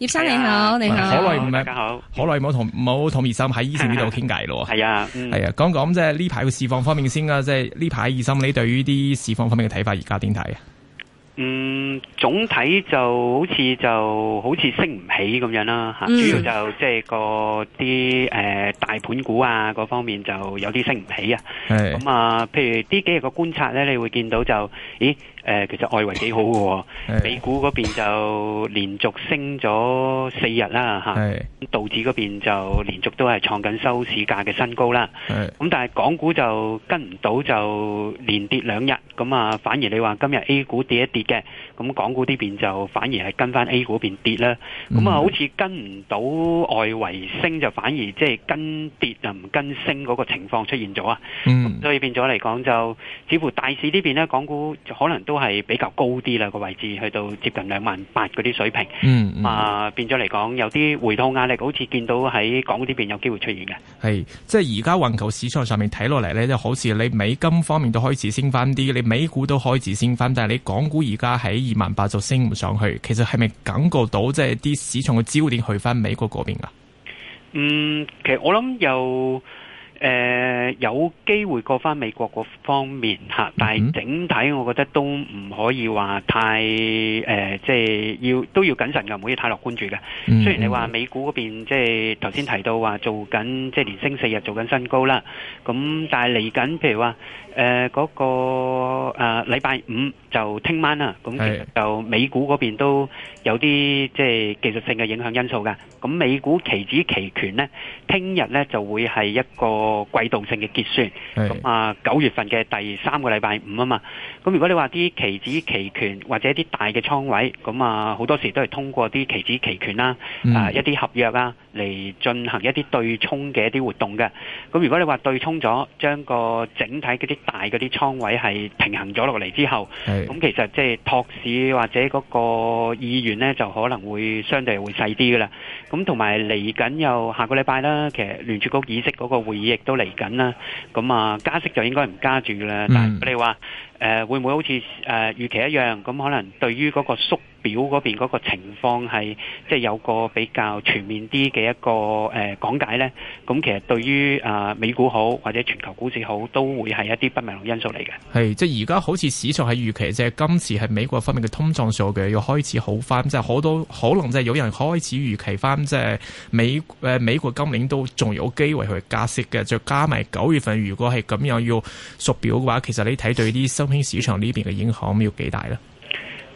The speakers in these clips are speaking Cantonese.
葉生你好，你好，大家好，好耐唔係，好耐冇同冇同葉生喺以前呢度傾偈咯。係啊，係啊，講講即係呢排嘅市況方面先啊，即係呢排葉生你對於啲市況方面嘅睇法而家點睇啊？嗯，總體就好似就好似升唔起咁樣啦，吓、嗯，主要就即係個啲誒大盤股啊，嗰方面就有啲升唔起啊，咁是啊，譬如呢幾日嘅觀察咧，你會見到就，咦？誒、呃，其實外圍幾好喎、哦， 是美股嗰邊就連續升咗四日啦、啊，嚇是，道指嗰邊就連續都係創緊收市價嘅新高啦。咁是、嗯、但係港股就跟唔到，就連跌兩日，咁啊，反而你話今日 A 股跌一跌嘅。咁港股呢邊就反而係跟翻 A 股邊跌啦，咁啊、嗯、好似跟唔到外圍升，就反而即係跟跌又唔跟升嗰個情況出現咗啊！嗯、所以變咗嚟講，就似乎大市邊呢邊咧，港股可能都係比較高啲啦個位置，去到接近兩萬八嗰啲水平。嗯啊、嗯呃，變咗嚟講有啲回吐壓力，好似見到喺港股呢邊有機會出現嘅。係，即係而家環球市場上，上面睇落嚟咧，就好似你美金方面都開始升翻啲，你美股都開始升翻，但係你港股而家喺二萬八就升唔上去，其實係咪感覺到即係啲市場嘅焦點去返美國嗰邊啊？嗯，其實我諗有誒、呃、有機會過返美國嗰方面吓，但係整體我覺得都唔可以話太誒、呃，即係要都要謹慎嘅，唔可以太樂觀住嘅。雖然你話美股嗰邊即係頭先提到話做緊即係連升四日，做緊新高啦，咁但係嚟緊譬如話。誒嗰、呃那個誒、呃、禮拜五就聽晚啦，咁其實就美股嗰邊都有啲即係技術性嘅影響因素嘅。咁美股期指期權咧，聽日咧就會係一個季度性嘅結算。咁是啊，九月份嘅第三個禮拜五啊嘛。咁如果你話啲期指期權或者啲大嘅倉位，咁啊好多時都係通過啲期指期權啦、啊，嗯、啊一啲合約啊嚟進行一啲對沖嘅一啲活動嘅。咁如果你話對沖咗，將個整體嗰啲。大嗰啲倉位係平衡咗落嚟之後，咁是其實即係託市或者嗰個意願呢，就可能會相對會細啲噶啦。咁同埋嚟緊又下個禮拜啦，其實聯儲局議息嗰個會議亦都嚟緊啦。咁啊，加息就應該唔加住噶啦。嗯、但係你話誒會唔會好似呃、預期一樣？咁可能對於嗰個縮。表嗰邊嗰個情況係即係有個比較全面啲嘅一個誒、呃、講解咧，咁其實對於誒、呃、美股好或者全球股市好都會係一啲不明因素嚟嘅。係即係而家好似市場係預期即係、就是、今次係美國方面嘅通脹數據要開始好翻，即係好多可能即係有人開始預期翻即係美誒、呃、美國今年都仲有機會去加息嘅，再加埋九月份如果係咁樣要縮表嘅話，其實你睇對啲新興市場呢邊嘅影響要幾大咧？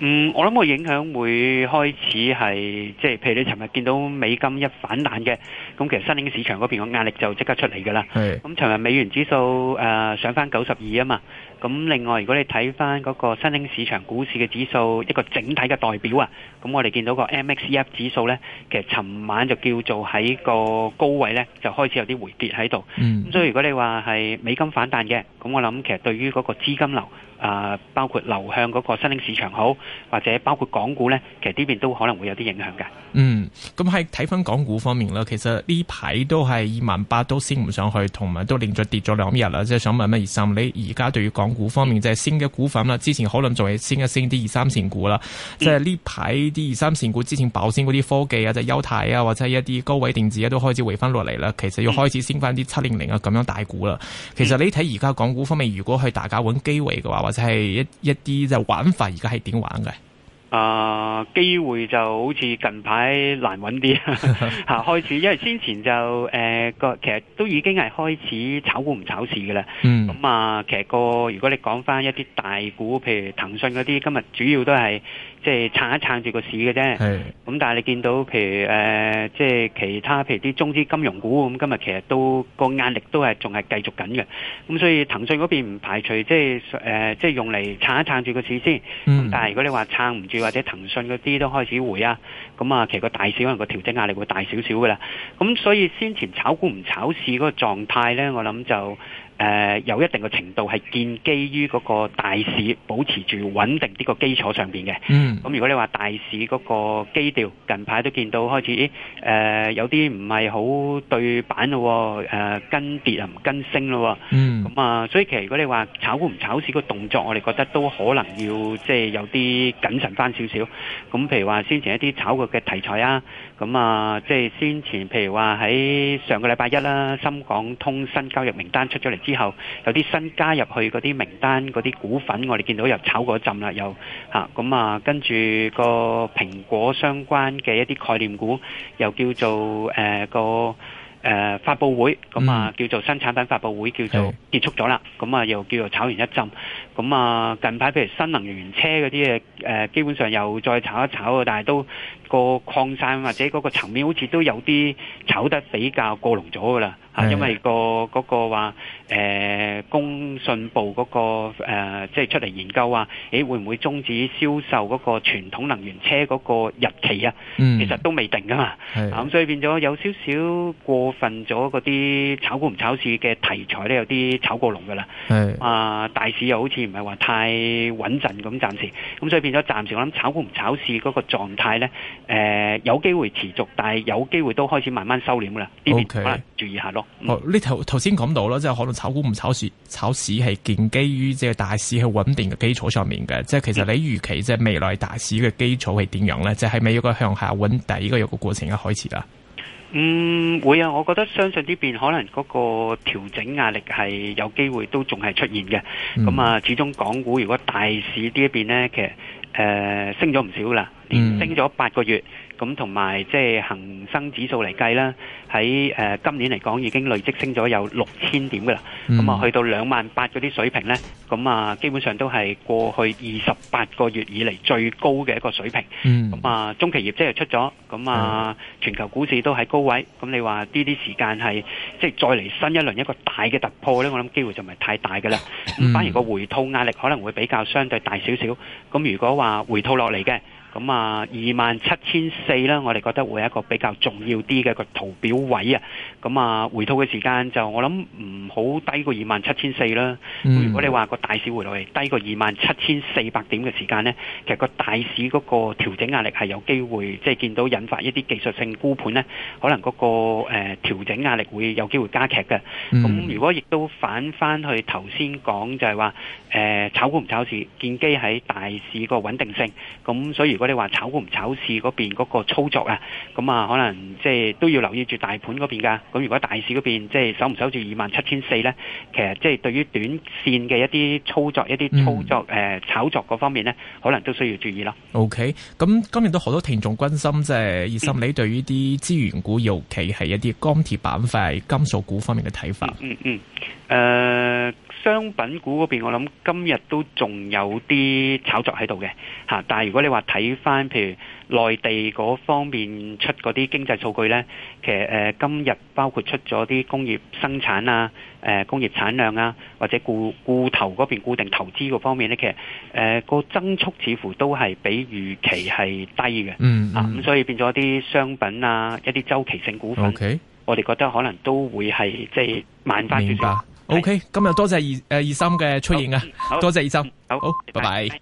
嗯，我諗個影響會開始係，即係譬如你尋日見到美金一反彈嘅。咁其實新興市場嗰邊個壓力就即刻出嚟㗎啦。係。咁尋日美元指數誒上翻九十二啊嘛。咁另外如果你睇翻嗰個新興市場股市嘅指數，一個整體嘅代表啊，咁我哋見到個 MXF 指數咧，其實尋晚就叫做喺個高位咧，就開始有啲回跌喺度。嗯。咁所以如果你話係美金反彈嘅，咁我諗其實對於嗰個資金流啊，包括流向嗰個新興市場好，或者包括港股咧，其實呢邊都可能會有啲影響㗎。嗯。咁喺睇翻港股方面啦，其實。呢排都係二萬八都升唔上去，同埋都連續跌咗兩日啦。即係想問乜？葉生，你而家對於港股方面，即係升嘅股份啦，之前可能仲係升一升啲二三線股啦。即係呢排啲二三線股之前爆先嗰啲科技啊，即係優泰啊，或者係一啲高位電子啊，都開始回翻落嚟啦。其實要開始升翻啲七零零啊咁樣大股啦。其實你睇而家港股方面，如果係大家揾機會嘅話，或者係一一啲即係玩法玩，而家係點玩嘅？啊，機會就好似近排難揾啲， 開始，因為先前就誒個、呃、其實都已經係開始炒股唔炒市嘅啦。咁啊、嗯嗯嗯，其實、個如果你講翻一啲大股，譬如騰訊嗰啲，今日主要都係即係撐一撐住個市嘅啫。咁是但係你見到譬如誒，即、呃、係其他譬如啲中資金融股咁，今日其實都個壓力都係仲係繼續緊嘅。咁所以騰訊嗰邊唔排除即係、呃、即係用嚟撐一撐住個市先。咁但係如果你話撐唔住。或者騰訊嗰啲都開始回啊，咁啊，其實個大市可能個調整壓力會大少少噶啦，咁所以先前炒股唔炒市嗰個狀態咧，我諗就。誒、呃、有一定嘅程度係建基於嗰個大市保持住穩定呢個基礎上邊嘅。嗯，咁如果你話大市嗰個基調，近排都見到開始誒、呃、有啲唔係好對版咯、哦，誒、呃、跟跌又唔跟升咯、哦。嗯，咁啊，所以其實如果你話炒股唔炒市個動作，我哋覺得都可能要即係有啲謹慎返少少。咁譬如話先前一啲炒過嘅題材啊，咁啊即係先前譬如話喺上個禮拜一啦、啊，深港通新交易名單出咗嚟。之後有啲新加入去嗰啲名單嗰啲股份，我哋見到又炒過一陣啦，又嚇咁啊，啊！跟住個蘋果相關嘅一啲概念股，又叫做誒個誒發佈會，咁啊叫做新產品發佈會，叫做結束咗啦。咁啊的又叫做炒完一陣，咁啊近排譬如新能源車嗰啲嘢誒，基本上又再炒一炒，啊，但係都。個擴散或者嗰個層面好似都有啲炒得比較過龍咗噶啦嚇，是的 因為個嗰個話誒工信部嗰、那個、呃、即係出嚟研究話，誒、欸、會唔會終止銷售嗰個傳統能源車嗰個日期啊？嗯、其實都未定噶嘛，咁是的、啊、所以變咗有少少過分咗嗰啲炒股唔炒市嘅題材咧，有啲炒過龍噶啦，是的 啊，大市又好似唔係話太穩陣咁，暫時咁所以變咗暫時我諗炒股唔炒市嗰個狀態咧。誒、呃，有機會持續，但係有機會都開始慢慢收斂噶啦，呢邊 Okay. 注意一下咯。哦，呢頭頭先講到啦，即係可能炒股唔炒市，炒市係建基於即係大市係穩定嘅基礎上面嘅。即係其實你預期即係未來大市嘅基礎係點樣咧？即係係咪應該向下揾底嘅一個過程開始啦？嗯，會啊，我覺得相信呢邊可能嗰個調整壓力係有機會都仲係出現嘅。咁啊、嗯嗯，始終港股如果大市這呢一邊咧，其實～誒、呃，升咗唔少啦，嗯、連升咗八個月。咁同埋即係恆生指數嚟計啦，喺誒今年嚟講已經累積升咗有六千點噶啦，咁啊去到兩萬八嗰啲水平咧，咁啊基本上都係過去二十八個月以嚟最高嘅一個水平。咁啊中期業績又出咗，咁啊全球股市都喺高位，咁你話呢啲時間係即係再嚟新一輪一個大嘅突破咧，我諗機會就唔係太大嘅啦。咁反而個回吐壓力可能會比較相對大少少。咁如果話回吐落嚟嘅。咁啊，二萬七千四啦，我哋覺得會係一個比較重要啲嘅個圖表位啊。咁啊，回吐嘅時間就我諗唔好低過二萬七千四啦。嗯、如果你話個大市回落嚟低過二萬七千四百點嘅時間咧，其實個大市嗰個調整壓力係有機會，即、就、係、是、見到引發一啲技術性沽盤咧，可能嗰、那個誒呃、調整壓力會有機會加劇嘅。咁、嗯、如果亦都反翻去頭先講就係話誒炒股唔炒市，建基喺大市個穩定性。咁所以。如果你話炒股唔炒市嗰邊嗰個操作啊，咁啊可能即係都要留意住大盤嗰邊噶。咁如果大市嗰邊即係守唔守住二萬七千四咧，其實即係對於短線嘅一啲操作、一啲操作誒、嗯呃、炒作嗰方面咧，可能都需要注意咯。OK，咁今日都好多聽眾關心，即係葉生。嗯、你對於啲資源股，尤其係一啲鋼鐵板塊、金屬股方面嘅睇法。嗯嗯，誒、嗯。嗯呃商品股嗰邊，我諗今日都仲有啲炒作喺度嘅，吓、啊！但係如果你話睇翻，譬如內地嗰方面出嗰啲經濟數據咧，其實誒、呃、今日包括出咗啲工業生產啊、誒、呃、工業產量啊，或者固固投嗰邊固定投資嗰方面咧，其實誒個、呃、增速，似乎都係比預期係低嘅，嗯，嗯、啊，吓，咁所以變咗啲商品啊一啲周期性股份，Okay? 我哋覺得可能都會係即係慢翻啲。O、okay, K，今日多謝二誒二心嘅出現啊，oh. 多謝二心，好、oh.，拜拜。